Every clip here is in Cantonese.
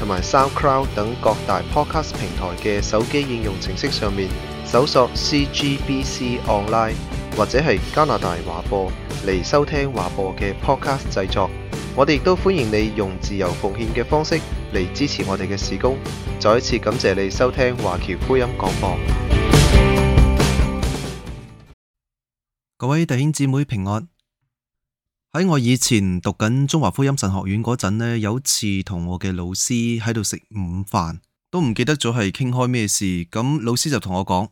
同埋 SoundCloud 等各大 Podcast 平台嘅手機應用程式上面，搜索 CGBC Online 或者係加拿大華播嚟收聽華播嘅 Podcast 製作。我哋亦都歡迎你用自由奉獻嘅方式嚟支持我哋嘅事工。再一次感謝你收聽華僑福音廣播。各位弟兄姊妹平安。喺我以前讀緊中華福音神學院嗰陣呢，有一次同我嘅老師喺度食午飯，都唔記得咗係傾開咩事。咁老師就同我講，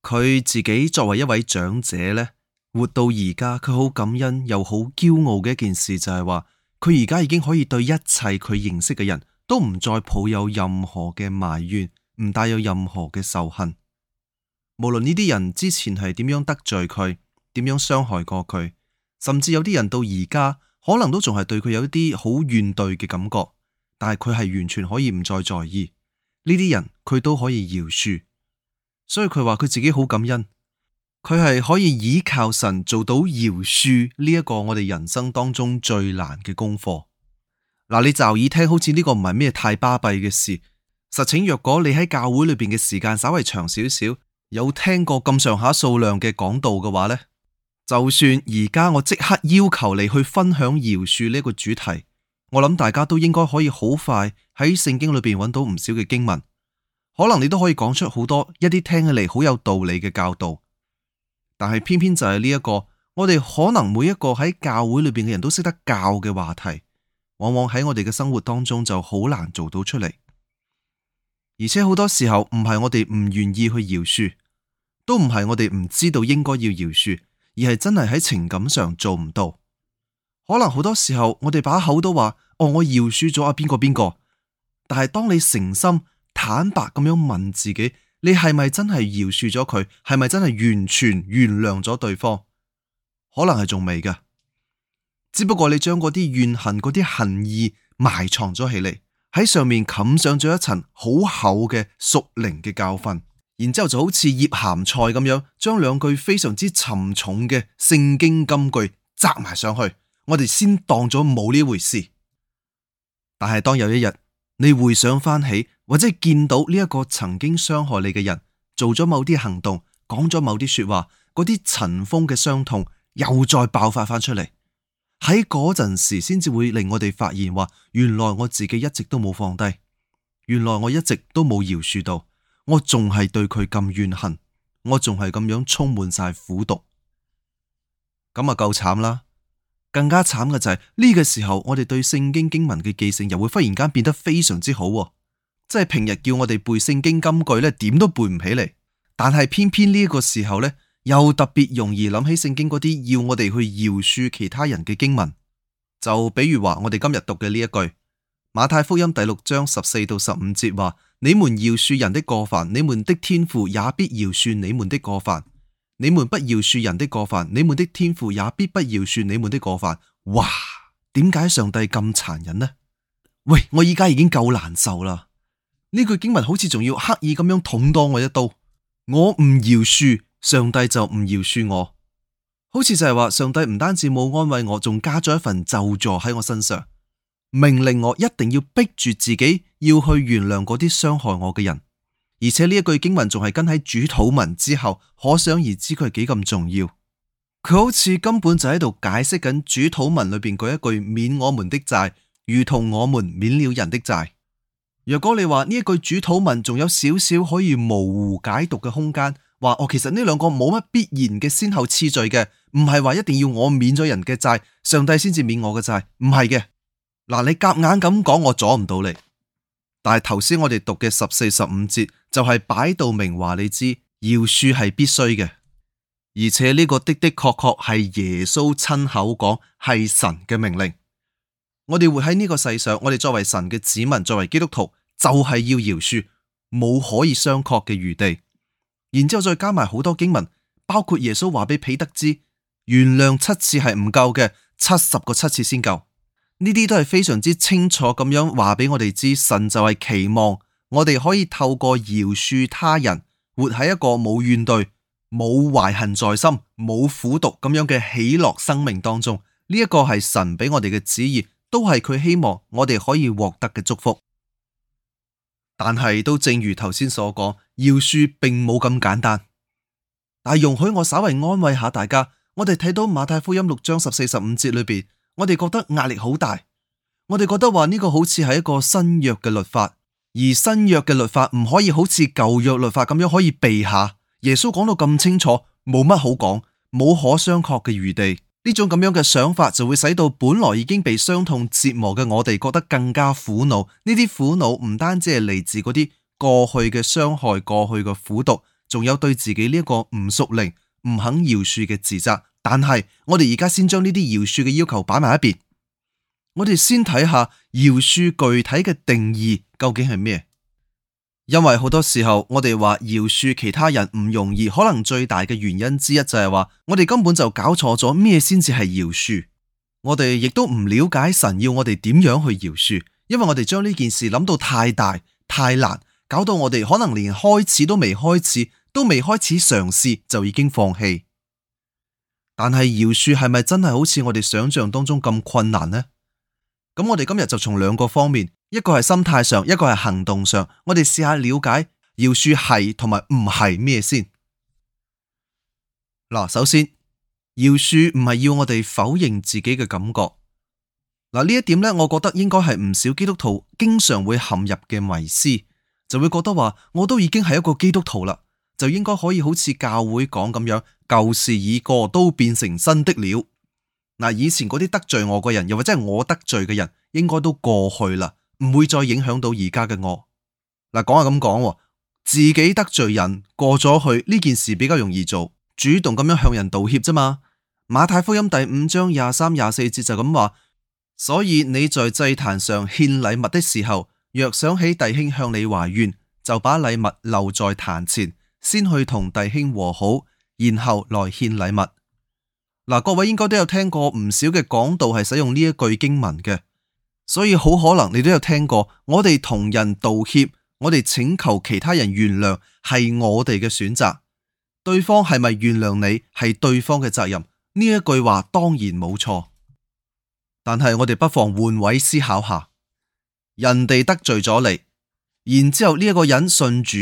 佢自己作為一位長者呢，活到而家，佢好感恩又好驕傲嘅一件事就係話，佢而家已經可以對一切佢認識嘅人都唔再抱有任何嘅埋怨，唔帶有任何嘅仇恨，無論呢啲人之前係點樣得罪佢，點樣傷害過佢。甚至有啲人到而家，可能都仲係對佢有一啲好怨懟嘅感覺，但係佢係完全可以唔再在意呢啲人，佢都可以饒恕。所以佢話佢自己好感恩，佢係可以倚靠神做到饒恕呢一個我哋人生當中最難嘅功課。嗱，你驟耳聽好似呢個唔係咩太巴閉嘅事，實情若果你喺教會裏邊嘅時間稍微長少少，有聽過咁上下數量嘅講道嘅話呢。就算而家我即刻要求你去分享饒恕呢個主題，我諗大家都應該可以好快喺聖經裏邊搵到唔少嘅經文，可能你都可以講出好多一啲聽起嚟好有道理嘅教導。但係偏偏就係呢一個我哋可能每一個喺教會裏邊嘅人都識得教嘅話題，往往喺我哋嘅生活當中就好難做到出嚟。而且好多時候唔係我哋唔願意去饒恕，都唔係我哋唔知道應該要饒恕。而係真係喺情感上做唔到，可能好多時候我哋把口都話哦，我饒恕咗啊邊個邊個，但係當你誠心坦白咁樣問自己，你係咪真係饒恕咗佢？係咪真係完全原諒咗對方？可能係仲未噶，只不過你將嗰啲怨恨、嗰啲恨意埋藏咗起嚟，喺上面冚上咗一層好厚嘅屬靈嘅教訓。然之後就好似醃鹹菜咁樣，將兩句非常之沉重嘅聖經金句摘埋上去，我哋先當咗冇呢回事。但係當有一日你回想翻起，或者係見到呢一個曾經傷害你嘅人做咗某啲行動，講咗某啲說話，嗰啲塵封嘅傷痛又再爆發翻出嚟，喺嗰陣時先至會令我哋發現話，原來我自己一直都冇放低，原來我一直都冇饒恕到。我仲係對佢咁怨恨，我仲係咁樣充滿晒苦毒，咁啊夠慘啦！更加慘嘅就係呢個時候，我哋對聖經經文嘅記性又會忽然間變得非常之好，即係平日叫我哋背聖經金句呢，點都背唔起嚟，但係偏偏呢一個時候呢，又特別容易諗起聖經嗰啲要我哋去饒恕其他人嘅經文，就比如話我哋今日讀嘅呢一句，馬太福音第六章十四到十五節話。你們饒恕人的過犯，你們的天父也必饒恕你們的過犯；你們不饒恕人的過犯，你們的天父也必不饒恕你們的過犯。哇，點解上帝咁殘忍呢？喂，我依家已經夠難受啦，呢句經文好似仲要刻意咁樣捅多我一刀。我唔饒恕，上帝就唔饒恕我，好似就係話上帝唔單止冇安慰我，仲加咗一份咒詛喺我身上。命令我一定要逼住自己要去原諒嗰啲傷害我嘅人，而且呢一句經文仲係跟喺主禱文之後，可想而知佢幾咁重要。佢好似根本就喺度解釋緊主禱文裏邊嗰一句免我們的債，如同我們免了人的債。若果你話呢一句主禱文仲有少少可以模糊解讀嘅空間，話哦，其實呢兩個冇乜必然嘅先後次序嘅，唔係話一定要我免咗人嘅債，上帝先至免我嘅債，唔係嘅。嗱，你夾硬咁講，我阻唔到你。但係頭先我哋讀嘅十四十五節就係擺到明話，你知饒恕係必須嘅，而且呢個的的確確係耶穌親口講，係神嘅命令。我哋活喺呢個世上，我哋作為神嘅子民，作為基督徒，就係、係、要饒恕，冇可以商榷嘅餘地。然之後再加埋好多經文，包括耶穌話俾彼得知，原諒七次係唔夠嘅，七十個七次先夠。呢啲都係非常之清楚咁樣話俾我哋知，神就係期望我哋可以透過饒恕他人，活喺一個冇怨對、冇懷恨在心、冇苦毒咁樣嘅喜樂生命當中。呢、這、一個係神俾我哋嘅旨意，都係佢希望我哋可以獲得嘅祝福。但係都正如頭先所講，饒恕並冇咁簡單。但容許我稍微安慰下大家，我哋睇到馬太福音六章十四十五節裏邊。我哋覺得壓力好大，我哋覺得話呢個好似係一個新約嘅律法，而新約嘅律法唔可以好似舊約律法咁樣可以避下。耶穌講到咁清楚，冇乜好講，冇可商榷嘅餘地。呢種咁樣嘅想法就會使到本來已經被傷痛折磨嘅我哋覺得更加苦惱。呢啲苦惱唔單止係嚟自嗰啲過去嘅傷害、過去嘅苦毒，仲有對自己呢一個唔屬靈、唔肯饒恕嘅自責。但係，我哋而家先將呢啲饒恕嘅要求擺埋一邊，我哋先睇下饒恕具體嘅定義究竟係咩？因為好多時候我哋話饒恕其他人唔容易，可能最大嘅原因之一就係話我哋根本就搞錯咗咩先至係饒恕。我哋亦都唔了解神要我哋點樣去饒恕，因為我哋將呢件事諗到太大太難，搞到我哋可能連開始都未開始，都未開始嘗試就已經放棄。但係饒恕係咪真係好似我哋想象當中咁困難呢？咁我哋今日就從兩個方面，一個係心態上，一個係行動上，我哋試下了解饒恕係同埋唔係咩先。嗱，首先饒恕唔係要我哋否認自己嘅感覺。嗱呢一點呢，我覺得應該係唔少基督徒經常會陷入嘅迷思，就會覺得話我都已經係一個基督徒啦。就應該可以好似教會講咁樣，舊事已過，都變成新的了。嗱,以前嗰啲得罪我嘅人，又或者係我得罪嘅人，應該都過去啦，唔會再影響到而家嘅我。嗱，講下咁講，自己得罪人過咗去呢件事比較容易做，主動咁樣向人道歉啫嘛。馬太福音第五章廿三廿四節就咁話，所以你在祭壇上獻禮物的時候，若想起弟兄向你懷怨，就把禮物留在壇前，先去同弟兄和好，然後來獻禮物。嗱、啊，各位應該都有聽過唔少嘅講道係使用呢一句經文嘅，所以好可能你都有聽過。我哋同人道歉，我哋請求其他人原諒，係我哋嘅選擇。對方係咪原諒你，係對方嘅責任。呢一句話當然冇錯，但係我哋不妨換位思考下，人哋得罪咗你，然之後呢一個人信主。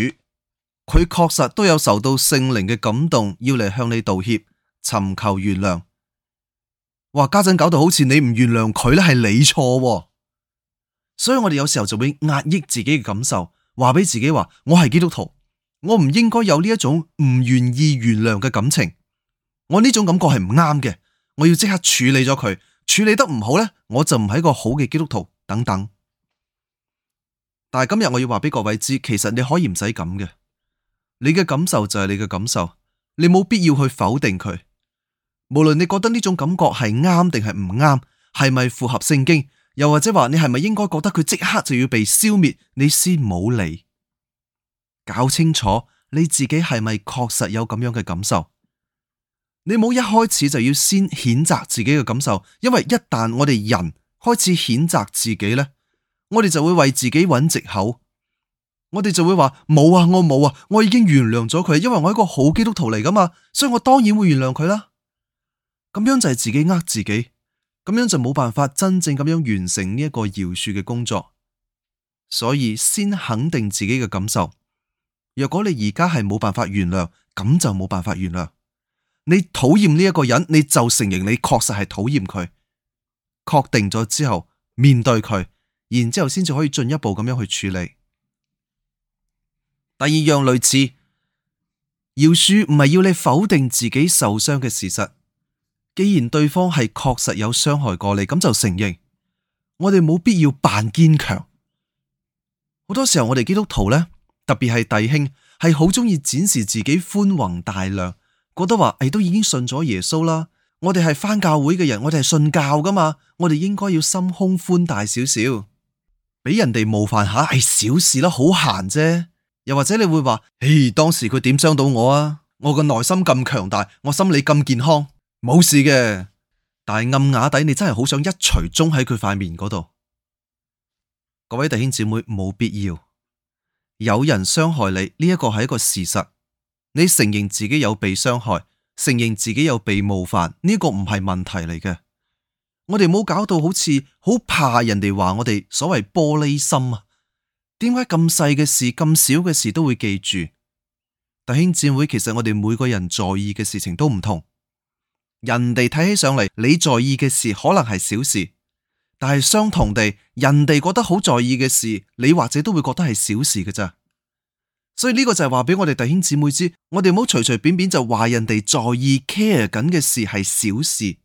佢確實都有受到聖靈嘅感動，要嚟向你道歉，尋求原諒。哇，家陣搞到好似你唔原諒佢咧，係你錯。所以我哋有時候就會壓抑自己嘅感受，話俾自己話：我係基督徒，我唔應該有呢一種唔願意原諒嘅感情。我呢種感覺係唔啱嘅，我要即刻處理咗佢。處理得唔好咧，我就唔係一個好嘅基督徒，等等。但係今日我要話俾各位知，其實你可以唔使咁嘅。你嘅感受就係你嘅感受，你冇必要去否定佢。無論你覺得呢種感覺係啱定係唔啱，係咪符合聖經？又或者話你係咪應該覺得佢即刻就要被消滅？你先冇理，搞清楚你自己係咪確實有咁樣嘅感受？你冇一開始就要先譴責自己嘅感受，因為一旦我哋人開始譴責自己呢，我哋就會為自己揾藉口。我哋就會話冇啊，我冇啊，我已經原諒咗佢，因為我係一個好基督徒嚟噶嘛，所以我當然會原諒佢啦。咁樣就係自己呃自己，咁樣就冇辦法真正咁樣完成呢一個饒恕嘅工作。所以先肯定自己嘅感受。若果你而家係冇辦法原諒，咁就冇辦法原諒。你討厭呢一個人，你就承認你確實係討厭佢。確定咗之後，面對佢，然之後先至可以進一步咁樣去處理。第二樣類似，饒恕唔係要你否定自己受傷嘅事實。既然對方係確實有傷害過你，咁就承認。我哋冇必要扮堅強。好多時候我哋基督徒呢，特別係弟兄，係好中意展示自己寬宏大量，覺得話誒、哎、都已經信咗耶穌啦，我哋係返教會嘅人，我哋係信教㗎嘛，我哋應該要心胸寬大少少，俾人哋冒犯下係、哎、小事啦，好閒啫。又或者你會話，誒，當時佢點傷到我啊？我個內心咁強大，我心理咁健康，冇事嘅。但係暗啞底，你真係好想一錘中喺佢塊面嗰度。各位弟兄姊妹，冇必要有人傷害你，呢一個係一個事實。你承認自己有被傷害，承認自己有被冒犯，呢個唔係問題嚟嘅。我哋冇搞到好似好怕人哋話我哋所謂玻璃心啊。點解咁細嘅事，咁少嘅事都會記住？弟兄姊妹，其實我哋每個人在意嘅事情都唔同。人哋睇起上嚟，你在意嘅事可能係小事，但係相同地，人哋覺得好在意嘅事，你或者都會覺得係小事㗎咋。所以呢個就係話俾我哋弟兄姊妹知，我哋唔好隨隨便便就話人哋在意、care 緊嘅事係小事，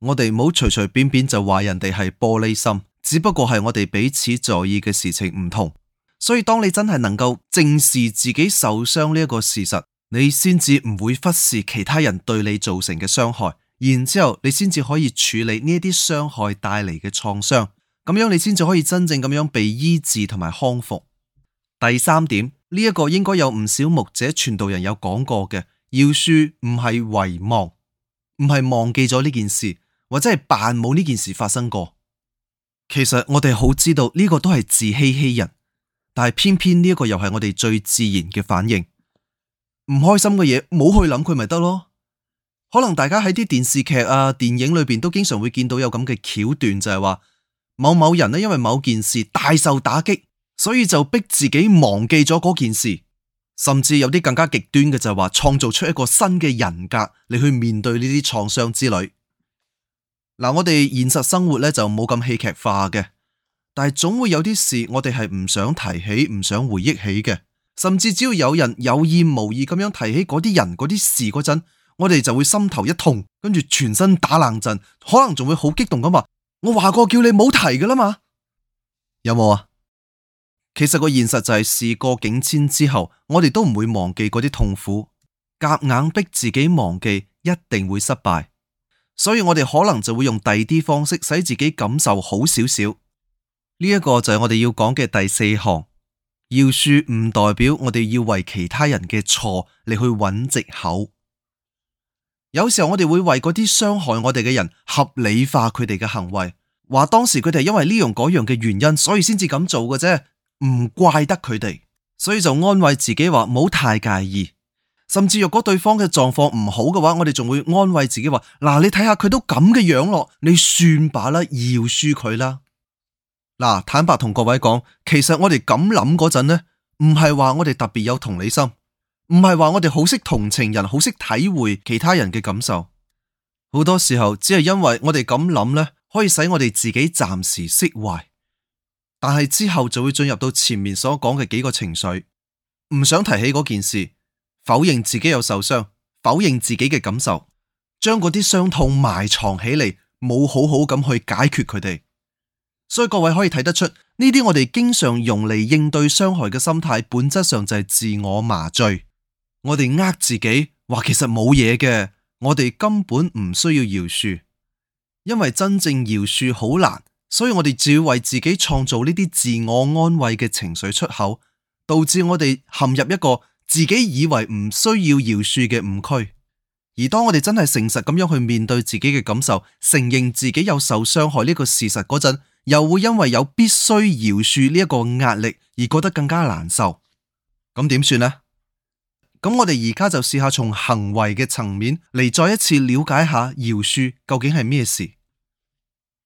我哋唔好隨隨便便就話人哋係玻璃心。只不過係我哋彼此在意嘅事情唔同。所以當你真係能夠正視自己受傷呢一個事實，你先至唔會忽視其他人對你造成嘅傷害，然之後你先至可以處理呢一啲傷害帶嚟嘅創傷，咁樣你先至可以真正咁樣被醫治同埋康復。第三點，呢、這、一個應該有唔少牧者傳道人有講過嘅，饒恕唔係遺忘，唔係忘記咗呢件事，或者係扮冇呢件事發生過。其實我哋好知道呢個都係自欺欺人。但係偏偏呢個又係我哋最自然嘅反應，唔開心嘅嘢冇去諗佢咪得咯？可能大家喺啲電視劇啊、電影裏邊都經常會見到有咁嘅橋段，就係話某某人呢，因為某件事大受打擊，所以就逼自己忘記咗嗰件事，甚至有啲更加極端嘅就係話創造出一個新嘅人格嚟，去面對呢啲創傷之旅。嗱，我哋現實生活呢，就冇咁戲劇化嘅。但係總會有啲事，我哋係唔想提起、唔想回憶起嘅，甚至只要有人有意無意咁樣提起嗰啲人、嗰啲事嗰陣，我哋就會心頭一痛，跟住全身打冷震，可能仲會好激動咁話：我話過叫你冇提噶啦嘛，有冇啊？其實個現實就係、是、事過境遷之後，我哋都唔會忘記嗰啲痛苦，夾硬逼自己忘記，一定會失敗，所以我哋可能就會用第二啲方式使自己感受好少少。呢一個就係我哋要講嘅第四項，饒恕唔代表我哋要為其他人嘅錯嚟去揾藉口。有時候我哋會為嗰啲傷害我哋嘅人合理化佢哋嘅行為，話當時佢哋因為呢樣嗰樣嘅原因，所以先至咁做嘅啫，唔怪得佢哋，所以就安慰自己話唔好太介意。甚至若果對方嘅狀況唔好嘅話，我哋仲會安慰自己話，嗱，你睇下佢都咁嘅樣咯，你算吧啦，饒恕佢啦。嗱，坦白同各位講，其實我哋咁諗嗰陣呢，唔係話我哋特別有同理心，唔係話我哋好識同情人，好識體會其他人嘅感受。好多時候只係因為我哋咁諗呢，可以使我哋自己暫時釋懷，但係之後就會進入到前面所講嘅幾個情緒，唔想提起嗰件事，否認自己有受傷，否認自己嘅感受，將嗰啲傷痛埋藏起嚟，冇好好咁去解決佢哋。所以各位可以睇得出呢啲，我哋經常用嚟應對傷害嘅心態，本質上就係自我麻醉。我哋呃自己話，其實冇嘢嘅，我哋根本唔需要饒恕，因為真正饒恕好難。所以我哋只要為自己創造呢啲自我安慰嘅情緒出口，導致我哋陷入一個自己以為唔需要饒恕嘅誤區。而當我哋真係誠實咁樣去面對自己嘅感受，承認自己有受傷害呢個事實嗰陣，又會因為有必須饒恕呢一個壓力而覺得更加難受，咁點算咧？咁我哋而家就試下從行為嘅層面嚟再一次了解下饒恕究竟係咩事。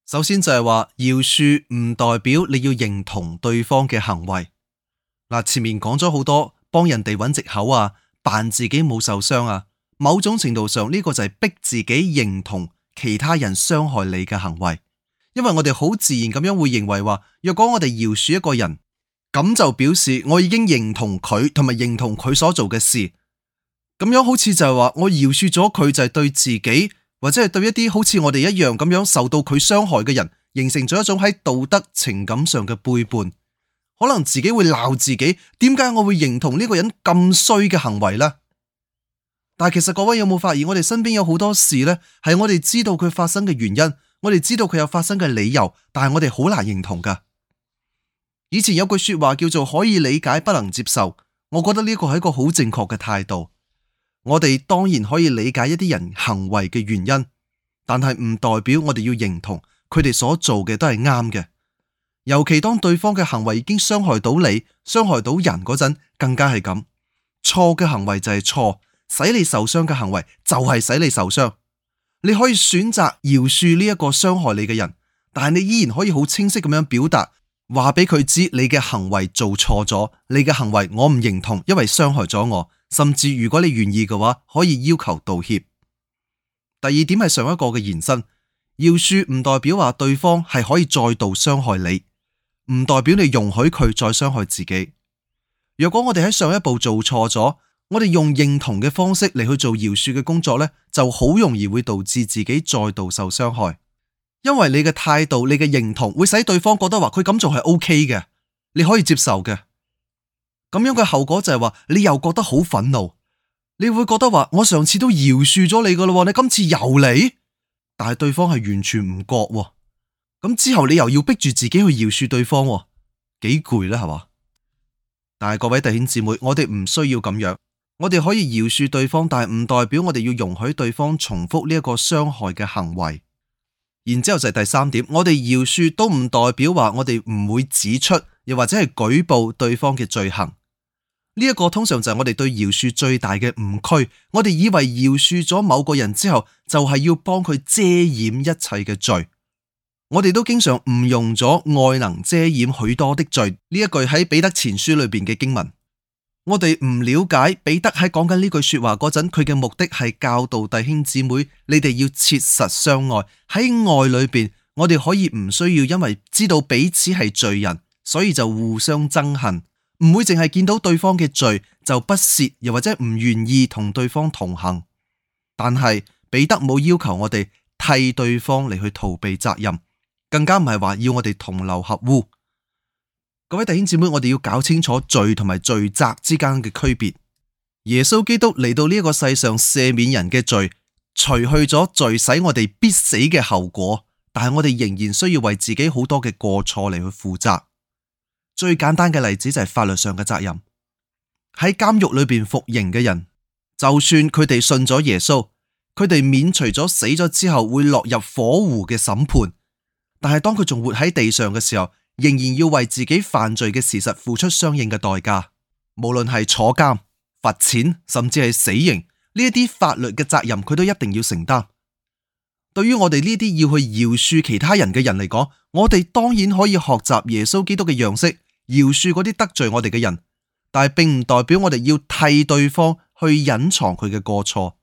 首先就係話饒恕唔代表你要認同對方嘅行為。嗱，前面講咗好多幫人哋揾藉口啊，扮自己冇受傷啊，某種程度上呢個就係逼自己認同其他人傷害你嘅行為。因為我哋好自然咁樣會認為話，若果我哋饒恕一個人，咁就表示我已經認同佢，同埋認同佢所做嘅事，咁樣好似就係話我饒恕咗佢就係對自己，或者係對一啲好似我哋一樣咁樣受到佢傷害嘅人，形成咗一種喺道德情感上嘅背叛。可能自己會鬧自己，「點解我會認同呢個人咁衰嘅行為呢？」但係其實各位有冇發現，我哋身邊有好多事呢，係我哋知道佢發生嘅原因。我哋知道佢有發生嘅理由，但係我哋好難認同㗎。以前有句說話叫做可以理解，不能接受。我覺得呢個係一個好正確嘅態度。我哋當然可以理解一啲人行為嘅原因，但係唔代表我哋要認同佢哋所做嘅都係啱嘅。尤其當對方嘅行為已經傷害到你、傷害到人嗰陣，更加係咁。錯嘅行為就係錯，使你受傷嘅行為就係使你受傷。你可以選擇饒恕呢一個傷害你嘅人，但係你依然可以好清晰咁樣表達，話俾佢知你嘅行為做錯咗，你嘅行為我唔認同，因為傷害咗我。甚至如果你願意嘅話，可以要求道歉。第二點係上一個嘅延伸，饒恕唔代表話對方係可以再度傷害你，唔代表你容許佢再傷害自己。如果我哋喺上一步做錯咗。我哋用認同嘅方式嚟去做饒恕嘅工作呢，就好容易會導致自己再度受傷害，因為你嘅態度、你嘅認同會使對方覺得話佢咁做係 OK 嘅，你可以接受嘅。咁樣嘅後果就係話你又覺得好憤怒，你會覺得話我上次都饒恕咗你噶啦，你今次又嚟，但係對方係完全唔覺，哦，咁之後你又要逼住自己去饒恕對方，哦，幾攰啦係嘛？但係各位弟兄姊妹，我哋唔需要咁樣。我哋可以饒恕對方，但係唔代表我哋要容許對方重複呢一個傷害嘅行為。然之後就係第三點，我哋饒恕都唔代表話我哋唔會指出，又或者係舉報對方嘅罪行。呢、這、一個通常就係我哋對饒恕最大嘅誤區。我哋以為饒恕咗某個人之後，就係、是、要幫佢遮掩一切嘅罪。我哋都經常誤用咗愛能遮掩許多的罪呢一句喺彼得前書裏邊嘅經文。我哋唔了解彼得喺講緊呢句說話嗰陣，佢嘅目的係教導弟兄姊妹，你哋要切實相愛喺愛裏邊，我哋可以唔需要因為知道彼此係罪人，所以就互相憎恨，唔會淨係見到對方嘅罪就不屑，又或者唔願意同對方同行。但係彼得冇要求我哋替對方嚟去逃避責任，更加唔係話要我哋同流合污。各位弟兄姊妹，我哋要搞清楚罪同埋罪責之間嘅區別。耶穌基督嚟到呢個世上赦免人嘅罪，除去咗罪使我哋必死嘅後果，但係我哋仍然需要為自己好多嘅過錯嚟去負責。最簡單嘅例子就係法律上嘅責任。喺監獄裏邊服刑嘅人，就算佢哋信咗耶穌，佢哋免除咗死咗之後會落入火湖嘅審判，但係當佢仲活喺地上嘅時候。仍然要為自己犯罪嘅事實付出相應嘅代價，無論係坐監、罰錢，甚至係死刑，呢一啲法律嘅責任，佢都一定要承擔。對於我哋呢啲要去饒恕其他人嘅人嚟講，我哋當然可以學習耶穌基督嘅樣式，饒恕嗰啲得罪我哋嘅人，但係並唔代表我哋要替對方去隱藏佢嘅過錯。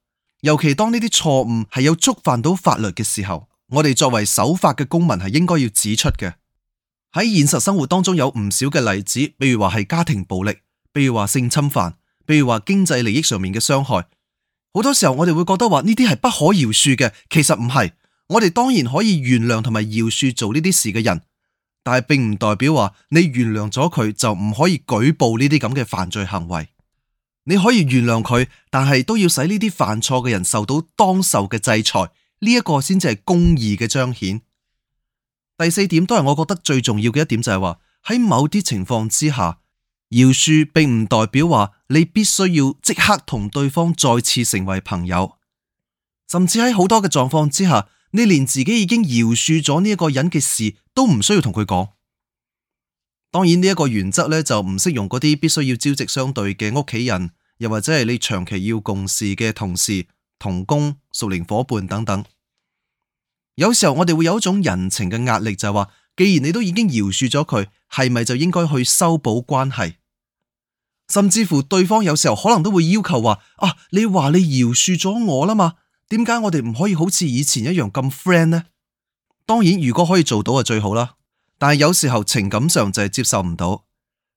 尤其當呢啲錯誤係有觸犯到法律嘅時候，我哋作為守法嘅公民係應該要指出嘅。喺現實生活當中有唔少嘅例子，比如話係家庭暴力，比如話性侵犯，比如話經濟利益上面嘅傷害。好多時候我哋會覺得話呢啲係不可饒恕嘅，其實唔係。我哋當然可以原諒同埋饒恕做呢啲事嘅人，但係並唔代表話你原諒咗佢就唔可以舉報呢啲咁嘅犯罪行為。你可以原諒佢，但係都要使呢啲犯錯嘅人受到當受嘅制裁，呢一個先至係公義嘅彰顯。第四點都係我覺得最重要嘅一點就，就係話喺某啲情況之下，饒恕並唔代表話你必須要即刻同對方再次成為朋友，甚至喺好多嘅狀況之下，你連自己已經饒恕咗呢一個人嘅事都唔需要同佢講。當然呢一個原則咧就唔適用嗰啲必須要朝夕相對嘅屋企人，又或者係你長期要共事嘅同事、同工、屬靈夥伴等等。有時候我哋會有一種人情嘅壓力，就係話，既然你都已經饒恕咗佢，係咪就應該去修補關係？甚至乎對方有時候可能都會要求話：啊，你話你饒恕咗我啦嘛，點解我哋唔可以好似以前一樣咁 friend 呢？當然，如果可以做到啊，最好啦。但係有時候情感上就係接受唔到。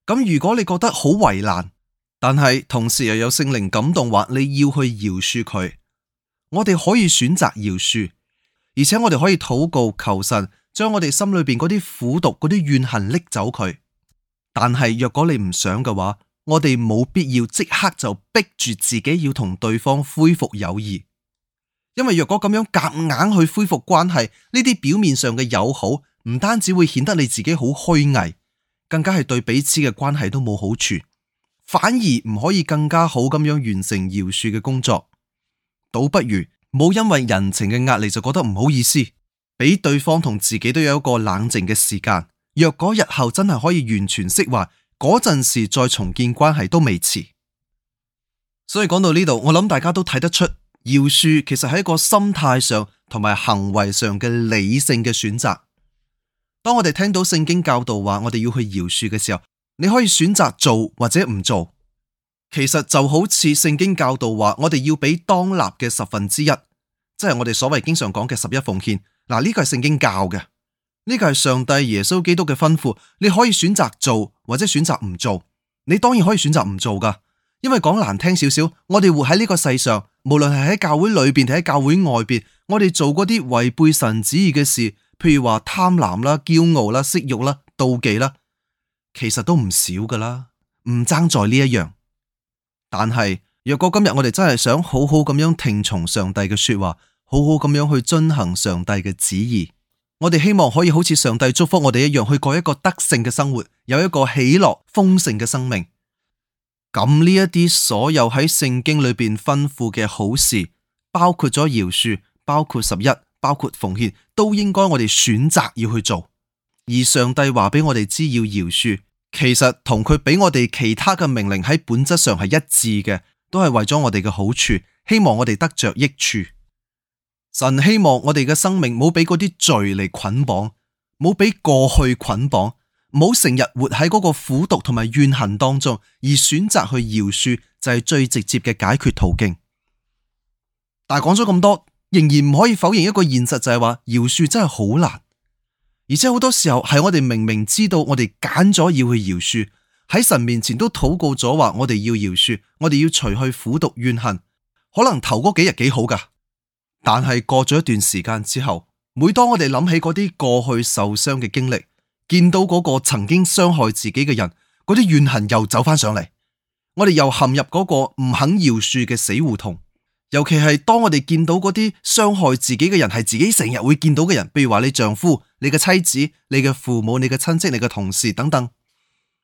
咁如果你覺得好為難，但係同時又有聖靈感動話你要去饒恕佢，我哋可以選擇饒恕。而且我哋可以禱告求神將我哋心裏邊嗰啲苦毒、嗰啲怨恨拎走佢。但係若果你唔想嘅話，我哋冇必要即刻就逼住自己要同對方恢復友誼，因為若果咁樣夾硬去恢復關係，呢啲表面上嘅友好唔單止會顯得你自己好虛偽，更加係對彼此嘅關係都冇好處，反而唔可以更加好咁樣完成饒恕嘅工作，倒不如。冇因為人情嘅壓力就覺得唔好意思，俾對方同自己都有一個冷靜嘅時間。若果日後真係可以完全釋懷，嗰陣時再重建關係都未遲。所以講到呢度，我諗大家都睇得出，饒恕其實係一個心態上同埋行為上嘅理性嘅選擇。當我哋聽到聖經教導話，我哋要去饒恕嘅時候，你可以選擇做或者唔做。其實就好似聖經教導話，我哋要俾當立嘅十分之一，即係我哋所謂經常講嘅十一奉獻。嗱，呢個係聖經教嘅，呢個係上帝耶穌基督嘅吩咐。你可以選擇做，或者選擇唔做。你當然可以選擇唔做噶，因為講難聽少少，我哋活喺呢個世上，無論係喺教會裏邊定喺教會外邊，我哋做嗰啲違背神旨意嘅事，譬如話貪婪啦、驕傲啦、色欲啦、妒忌啦，其實都唔少噶啦，唔爭在呢一樣。但係，若果今日我哋真係想好好咁樣聽從上帝嘅說話，好好咁樣去遵行上帝嘅旨意，我哋希望可以好似上帝祝福我哋一樣，去過一個得勝嘅生活，有一個喜樂豐盛嘅生命。咁呢一啲所有喺聖經裏邊吩咐嘅好事，包括咗饒恕，包括十一，包括奉獻，都應該我哋選擇要去做。而上帝話俾我哋知要饒恕。其實同佢俾我哋其他嘅命令喺本質上係一致嘅，都係為咗我哋嘅好處，希望我哋得着益處。神希望我哋嘅生命唔好俾嗰啲罪嚟捆綁，唔好俾過去捆綁，唔好成日活喺嗰個苦毒同埋怨恨當中，而選擇去饒恕就係最直接嘅解決途徑。但係講咗咁多，仍然唔可以否認一個現實就係話饒恕真係好難。而且好多時候係我哋明明知道我哋揀咗要去饒恕，喺神面前都禱告咗話，我哋要饒恕，我哋要除去苦毒怨恨。可能頭嗰幾日幾好噶，但係過咗一段時間之後，每當我哋諗起嗰啲過去受傷嘅經歷，見到嗰個曾經傷害自己嘅人，嗰啲怨恨又走翻上嚟，我哋又陷入嗰個唔肯饒恕嘅死胡同。尤其係當我哋見到嗰啲傷害自己嘅人係自己成日會見到嘅人，比如話你丈夫。你嘅妻子、你嘅父母、你嘅親戚、你嘅同事等等，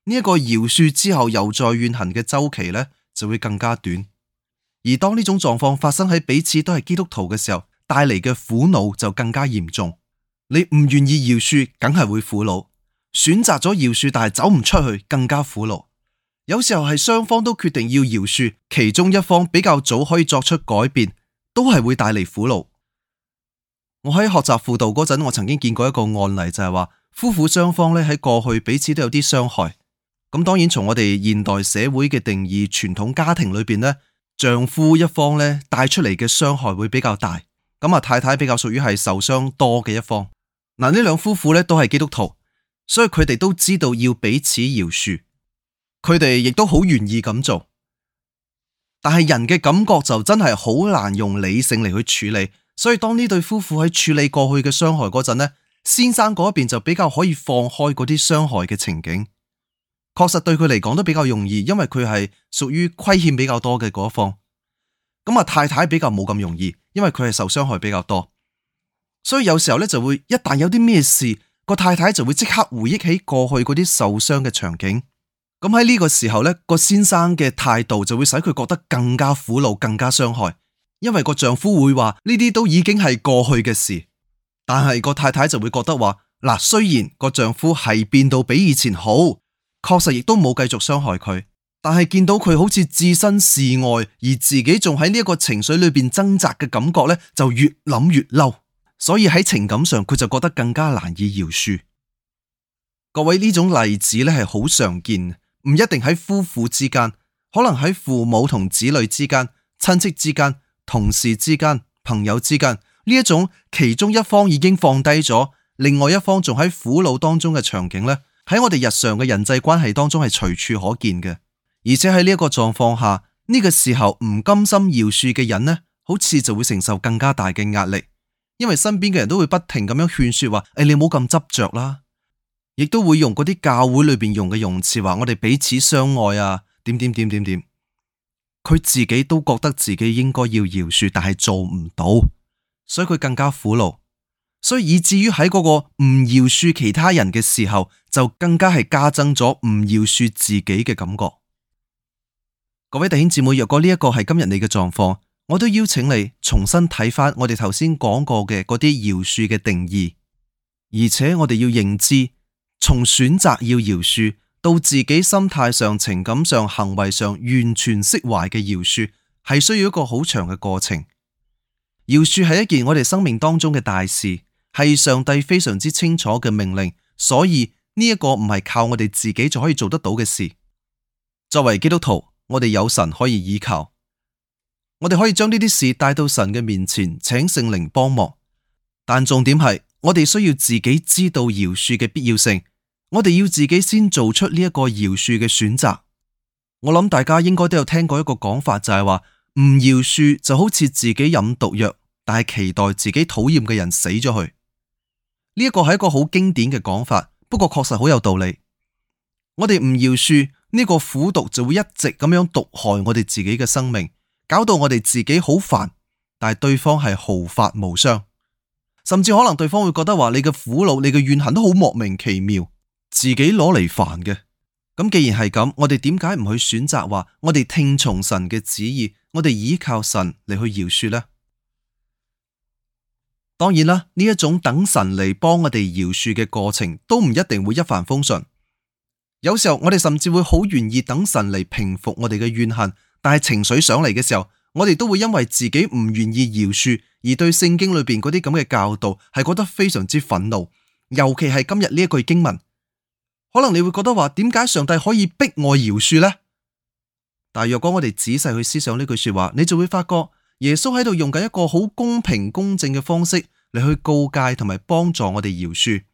呢一個饒恕之後又再怨恨嘅周期呢，就會更加短。而當呢種狀況發生喺彼此都係基督徒嘅時候，帶嚟嘅苦惱就更加嚴重。你唔願意饒恕，梗係會苦惱；選擇咗饒恕但係走唔出去，更加苦惱。有時候係雙方都決定要饒恕，其中一方比較早可以作出改變，都係會帶嚟苦惱。我喺學習輔導嗰陣，我曾經見過一個案例，就係話夫婦雙方咧喺過去彼此都有啲傷害。咁當然，從我哋現代社會嘅定義，傳統家庭裏邊咧，丈夫一方咧帶出嚟嘅傷害會比較大。咁啊，太太比較屬於係受傷多嘅一方。嗱，呢兩夫婦咧都係基督徒，所以佢哋都知道要彼此饒恕，佢哋亦都好願意咁做。但係人嘅感覺就真係好難用理性嚟去處理。所以當呢對夫婦喺處理過去嘅傷害嗰陣呢，先生嗰一邊就比較可以放開嗰啲傷害嘅情景，確實對佢嚟講都比較容易，因為佢係屬於虧欠比較多嘅嗰一方。咁啊，太太比較冇咁容易，因為佢係受傷害比較多，所以有時候咧就會一旦有啲咩事，個太太就會即刻回憶起過去嗰啲受傷嘅場景。咁喺呢個時候咧，個先生嘅態度就會使佢覺得更加苦惱、更加傷害。因為個丈夫會話呢啲都已經係過去嘅事，但係個太太就會覺得話嗱，雖然個丈夫係變到比以前好，確實亦都冇繼續傷害佢，但係見到佢好似置身事外，而自己仲喺呢一個情緒裏邊掙扎嘅感覺咧，就越諗越嬲，所以喺情感上佢就覺得更加難以饒恕。各位呢種例子咧係好常見，唔一定喺夫婦之間，可能喺父母同子女之間、親戚之間。同事之間、朋友之間呢一種，其中一方已經放低咗，另外一方仲喺苦惱當中嘅場景呢，喺我哋日常嘅人際關係當中係隨處可見嘅。而且喺呢一個狀況下，呢、這個時候唔甘心饒恕嘅人呢，好似就會承受更加大嘅壓力，因為身邊嘅人都會不停咁樣勸說話，誒、哎、你冇咁執着啦，亦都會用嗰啲教會裏邊用嘅用詞話，我哋彼此相愛啊，點點點點點。點點點佢自己都覺得自己應該要饒恕，但係做唔到，所以佢更加苦惱，所以以至於喺嗰個唔饒恕其他人嘅時候，就更加係加增咗唔饒恕自己嘅感覺。各位弟兄姐妹，若果呢一個係今日你嘅狀況，我都邀請你重新睇返我哋頭先講過嘅嗰啲饒恕嘅定義，而且我哋要認知，從選擇要饒恕。到自己心態上、情感上、行為上完全釋懷嘅饒恕，係需要一個好長嘅過程。饒恕係一件我哋生命當中嘅大事，係上帝非常之清楚嘅命令，所以呢一個唔係靠我哋自己就可以做得到嘅事。作為基督徒，我哋有神可以依靠，我哋可以將呢啲事帶到神嘅面前，請聖靈幫忙。但重點係，我哋需要自己知道饒恕嘅必要性。我哋要自己先做出呢一個饒恕嘅選擇。我諗大家應該都有聽過一個講法就，就係話唔饒恕就好似自己飲毒藥，但係期待自己討厭嘅人死咗去。呢、這個、一個係一個好經典嘅講法，不過確實好有道理。我哋唔饒恕呢、這個苦毒，就會一直咁樣毒害我哋自己嘅生命，搞到我哋自己好煩。但係對方係毫髮無傷，甚至可能對方會覺得話你嘅苦惱、你嘅怨恨都好莫名其妙。自己攞嚟煩嘅，咁既然係咁，我哋點解唔去選擇話我哋聽從神嘅旨意，我哋倚靠神嚟去饒恕呢？當然啦，呢一種等神嚟幫我哋饒恕嘅過程，都唔一定會一帆風順。有時候我哋甚至會好願意等神嚟平復我哋嘅怨恨，但係情緒上嚟嘅時候，我哋都會因為自己唔願意饒恕，而對聖經裏邊嗰啲咁嘅教導係覺得非常之憤怒，尤其係今日呢一句經文。可能你會覺得話，點解上帝可以逼我饒恕呢？但若果我哋仔細去思想呢句說話，你就會發覺耶穌喺度用緊一個好公平公正嘅方式嚟去告誡同埋幫助我哋饒恕。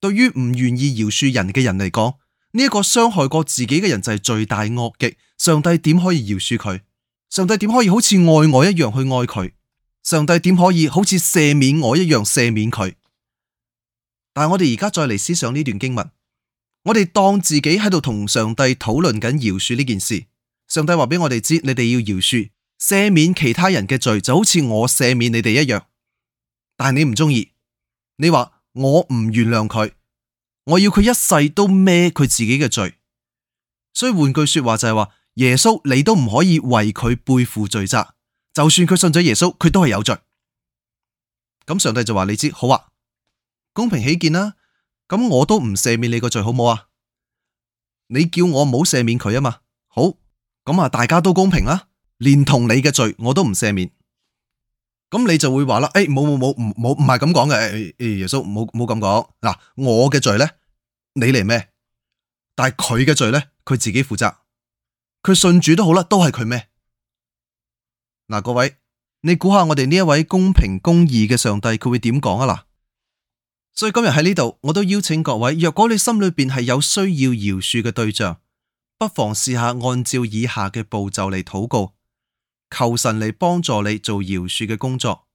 對於唔願意饒恕人嘅人嚟講，呢一個傷害過自己嘅人就係罪大惡極，上帝點可以饒恕佢？上帝點可以好似愛我一樣去愛佢？上帝點可以好似赦免我一樣赦免佢？但係我哋而家再嚟思想呢段經文。我哋當自己喺度同上帝討論緊饒恕呢件事，上帝話俾我哋知，你哋要饒恕、赦免其他人嘅罪，就好似我赦免你哋一樣。但係你唔中意，你話我唔原諒佢，我要佢一世都孭佢自己嘅罪。所以換句說話就係話，耶穌你都唔可以為佢背負罪責，就算佢信咗耶穌，佢都係有罪。咁上帝就話你知，好啊，公平起見啦，啊。咁我都唔赦免你個罪，好冇啊？你叫我唔好赦免佢啊嘛？好，咁啊，大家都公平吖，連同你嘅罪我都唔赦免。咁你就會話啦，誒、哎，冇冇冇，唔冇唔係咁講嘅，誒、哎，耶穌冇冇咁講嗱，我嘅罪咧，你嚟咩？但係佢嘅罪咧，佢自己負責，佢信主都好啦，都係佢咩？嗱，各位，你估下我哋呢一位公平公義嘅上帝，佢會點講啊？嗱？所以今日喺呢度，我都邀請各位，若果你心裏邊係有需要饒恕嘅對象，不妨試下按照以下嘅步驟嚟禱告，求神嚟幫助你做饒恕嘅工作。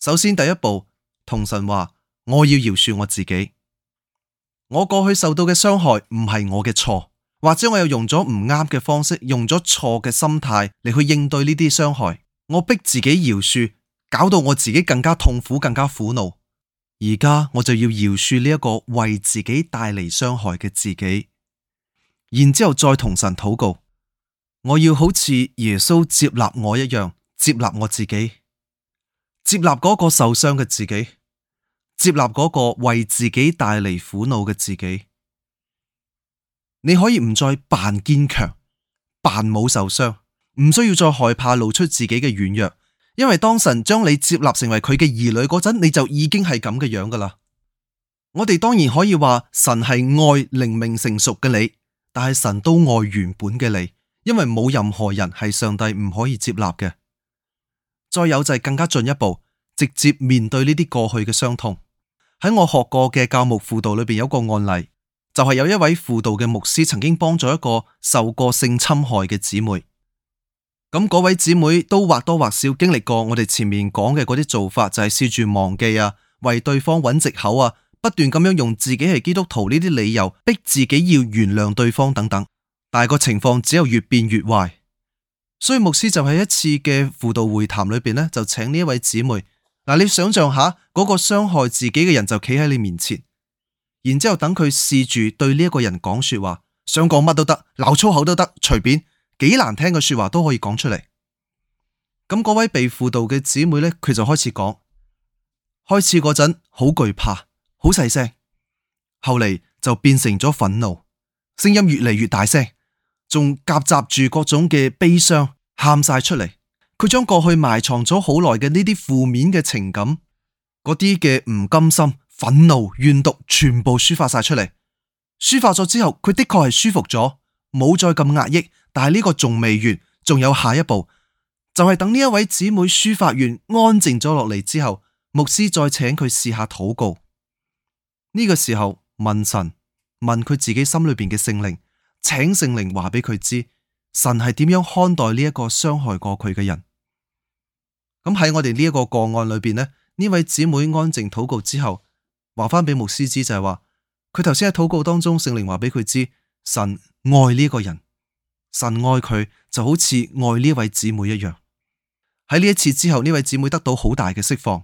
首先，第一步同神話，我要饒恕我自己，我過去受到嘅傷害唔係我嘅錯，或者我又用咗唔啱嘅方式，用咗錯嘅心態嚟去應對呢啲傷害，我逼自己饒恕，搞到我自己更加痛苦，更加苦惱。而家我就要饒恕呢一個為自己帶嚟傷害嘅自己，然之後再同神禱告，我要好似耶穌接納我一樣，接納我自己，接納嗰個受傷嘅自己，接納嗰個為自己帶嚟苦惱嘅自己。你可以唔再扮堅強，扮冇受傷，唔需要再害怕露出自己嘅軟弱。因為當神將你接納成為佢嘅兒女嗰陣，你就已經係咁嘅樣噶啦。我哋當然可以話神係愛靈命成熟嘅你，但係神都愛原本嘅你，因為冇任何人係上帝唔可以接納嘅。再有就係更加進一步，直接面對呢啲過去嘅傷痛。喺我學過嘅教牧輔導裏邊，有一個案例，就係有一位輔導嘅牧師曾經幫助一個受過性侵害嘅姊妹。咁嗰位姊妹都或多或少經歷過我哋前面講嘅嗰啲做法，就係試住忘記啊，為對方揾藉口啊，不斷咁樣用自己係基督徒呢啲理由逼自己要原諒對方等等，但係個情況只有越變越壞。所以牧師就喺一次嘅輔導會談裏邊呢，就請呢一位姊妹，嗱，你想象下嗰個傷害自己嘅人就企喺你面前，然之後等佢試住對呢一個人講說話，想講乜都得，鬧粗口都得，隨便。幾難聽嘅說話都可以講出嚟，咁嗰位被輔導嘅姊妹咧，佢就開始講，開始嗰陣好懼怕，好細聲，後嚟就變成咗憤怒，聲音越嚟越大聲，仲夾雜住各種嘅悲傷，喊晒出嚟。佢將過去埋藏咗好耐嘅呢啲負面嘅情感，嗰啲嘅唔甘心、憤怒、怨毒，全部抒發晒出嚟。抒發咗之後，佢的確係舒服咗，冇再咁壓抑。但係呢個仲未完，仲有下一步，就係、是、等呢一位姊妹抒發完，安靜咗落嚟之後，牧師再請佢試下禱告。呢、這個時候問神，問佢自己心裏邊嘅聖靈，請聖靈話俾佢知，神係點樣看待呢一個傷害過佢嘅人。咁喺我哋呢一個個案裏邊咧，呢位姊妹安靜禱告之後，話返俾牧師知就係話，佢頭先喺禱告當中，聖靈話俾佢知，神愛呢個人。神愛佢就好似愛呢位姊妹一樣，喺呢一次之後，呢位姊妹得到好大嘅釋放。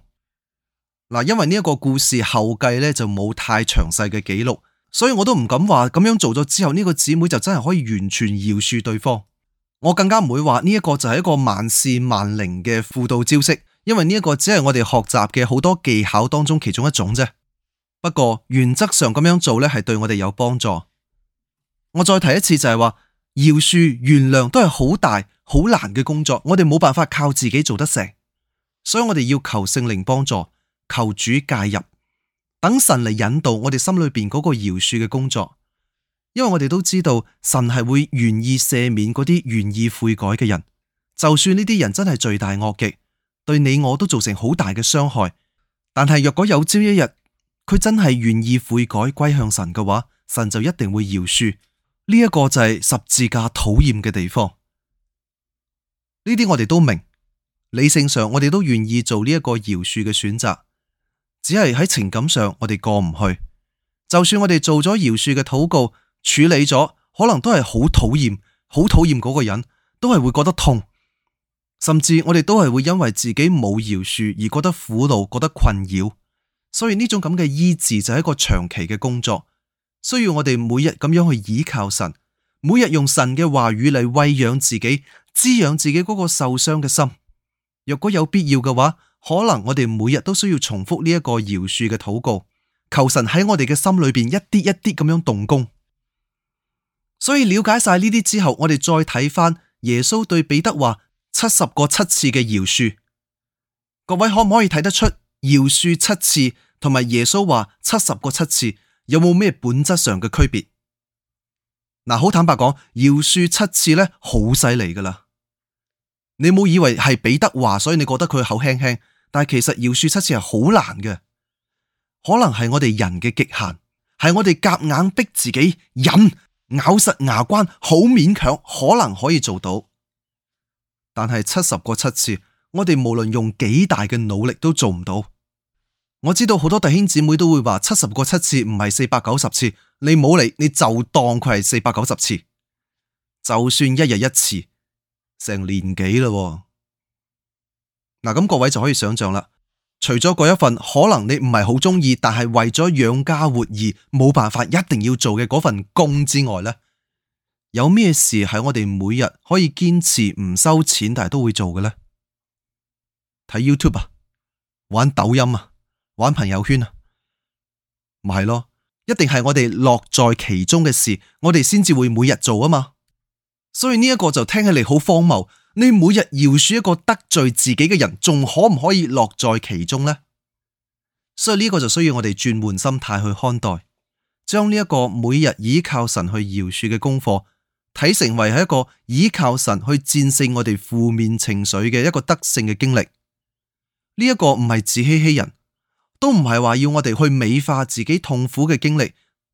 嗱，因為呢一個故事後繼呢，就冇太詳細嘅記錄，所以我都唔敢話咁樣做咗之後，呢個姊妹就真係可以完全饒恕對方。我更加唔會話呢一個就係一個萬事萬靈嘅輔導招式，因為呢一個只係我哋學習嘅好多技巧當中其中一種啫。不過原則上咁樣做呢，係對我哋有幫助。我再提一次就係話，饒恕、原諒都係好大、好難嘅工作，我哋冇辦法靠自己做得成，所以我哋要求聖靈幫助，求主介入，等神嚟引導我哋心裏邊嗰個饒恕嘅工作。因為我哋都知道，神係會願意赦免嗰啲願意悔改嘅人，就算呢啲人真係罪大惡極，對你我都造成好大嘅傷害，但係若果有朝一日佢真係願意悔改歸向神嘅話，神就一定會饒恕。呢一個就係十字架討厭嘅地方，呢啲我哋都明，理性上我哋都願意做呢一個饒恕嘅選擇，只係喺情感上我哋過唔去。就算我哋做咗饒恕嘅禱告，處理咗，可能都係好討厭，好討厭嗰個人，都係會覺得痛，甚至我哋都係會因為自己冇饒恕而覺得苦惱，覺得困擾。所以呢種咁嘅醫治就係一個長期嘅工作。需要我哋每日咁樣去倚靠神，每日用神嘅話語嚟餵養自己，滋養自己嗰個受傷嘅心。若果有必要嘅話，可能我哋每日都需要重複呢一個饒恕嘅禱告，求神喺我哋嘅心裏邊一啲一啲咁樣動工。所以了解晒呢啲之後，我哋再睇翻耶穌對彼得話七十個七次嘅饒恕。各位可唔可以睇得出饒恕七次，同埋耶穌話七十個七次？有冇咩本質上嘅區別？嗱，好坦白講，饒恕七次呢，好犀利噶啦！你冇以為係彼得話，所以你覺得佢口輕輕，但係其實饒恕七次係好難嘅，可能係我哋人嘅極限，係我哋夾硬硬逼自己忍，咬實牙關，好勉強可能可以做到，但係七十個七次，我哋無論用幾大嘅努力都做唔到。我知道好多弟兄姊妹都會話七十個七次唔係四百九十次，你冇嚟，你就當佢係四百九十次，就算一日一次，成年幾啦喎？嗱，咁各位就可以想象啦。除咗嗰一份可能你唔係好中意，但係為咗養家活兒冇辦法一定要做嘅嗰份工之外咧，有咩事係我哋每日可以堅持唔收錢但係都會做嘅咧？睇 YouTube 啊，玩抖音啊。玩朋友圈啊，唔係咯，一定係我哋樂在其中嘅事，我哋先至會每日做啊嘛。所以呢一個就聽起嚟好荒謬。你每日饒恕一個得罪自己嘅人，仲可唔可以樂在其中咧？所以呢個就需要我哋轉換心態去看待，將呢一個每日倚靠神去饒恕嘅功課，睇成為係一個倚靠神去戰勝我哋負面情緒嘅一個得勝嘅經歷。呢一個唔係自欺欺人。都唔係話要我哋去美化自己痛苦嘅經歷，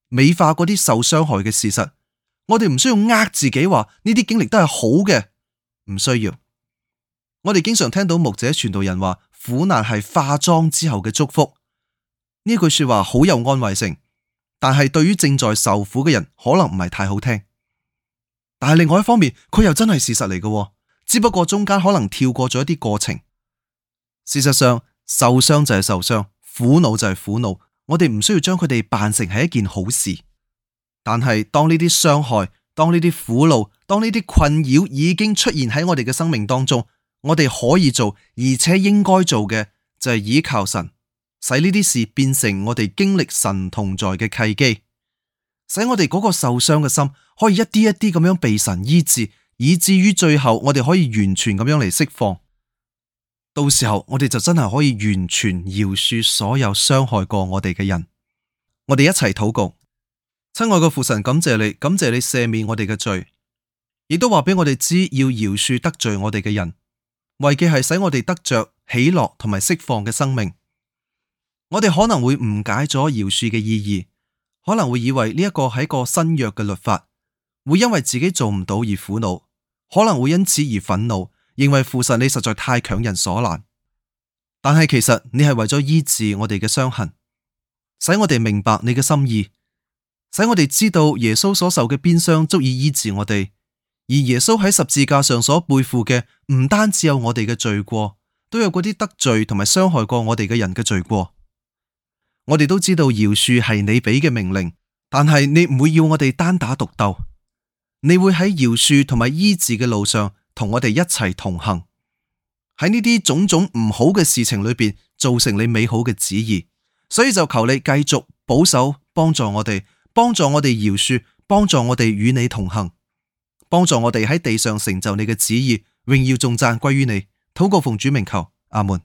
美化嗰啲受傷害嘅事實。我哋唔需要呃自己話呢啲經歷都係好嘅，唔需要。我哋經常聽到牧者傳道人話苦難係化妝之後嘅祝福，呢句說話好有安慰性，但係對於正在受苦嘅人可能唔係太好聽。但係另外一方面，佢又真係事實嚟嘅，只不過中間可能跳過咗一啲過程。事實上，受傷就係受傷。苦惱就係苦惱，我哋唔需要將佢哋扮成係一件好事。但係當呢啲傷害、當呢啲苦惱、當呢啲困擾已經出現喺我哋嘅生命當中，我哋可以做而且應該做嘅就係倚靠神，使呢啲事變成我哋經歷神同在嘅契機，使我哋嗰個受傷嘅心可以一啲一啲咁樣被神醫治，以至於最後我哋可以完全咁樣嚟釋放。到時候我哋就真係可以完全饒恕所有傷害過我哋嘅人。我哋一齊禱告。親愛嘅父神，感謝你，感謝你赦免我哋嘅罪，亦都話俾我哋知要饒恕得罪我哋嘅人，為嘅係使我哋得着喜樂同埋釋放嘅生命。我哋可能會誤解咗饒恕嘅意義，可能會以為呢一個係一個新約嘅律法，會因為自己做唔到而苦惱，可能會因此而憤怒。認為父神你實在太強人所難，但係其實你係為咗醫治我哋嘅傷痕，使我哋明白你嘅心意，使我哋知道耶穌所受嘅鞭傷足以醫治我哋。而耶穌喺十字架上所背負嘅唔單只有我哋嘅罪過，都有嗰啲得罪同埋傷害過我哋嘅人嘅罪過。我哋都知道饒恕係你俾嘅命令，但係你唔會要我哋單打獨鬥，你會喺饒恕同埋醫治嘅路上。同我哋一齊同行，喺呢啲種種唔好嘅事情裏邊，造成你美好嘅旨意。所以就求你繼續保守，幫助我哋，幫助我哋饒恕，幫助我哋與你同行，幫助我哋喺地上成就你嘅旨意。榮耀、頌讚歸於你。禱告奉主名求，阿門。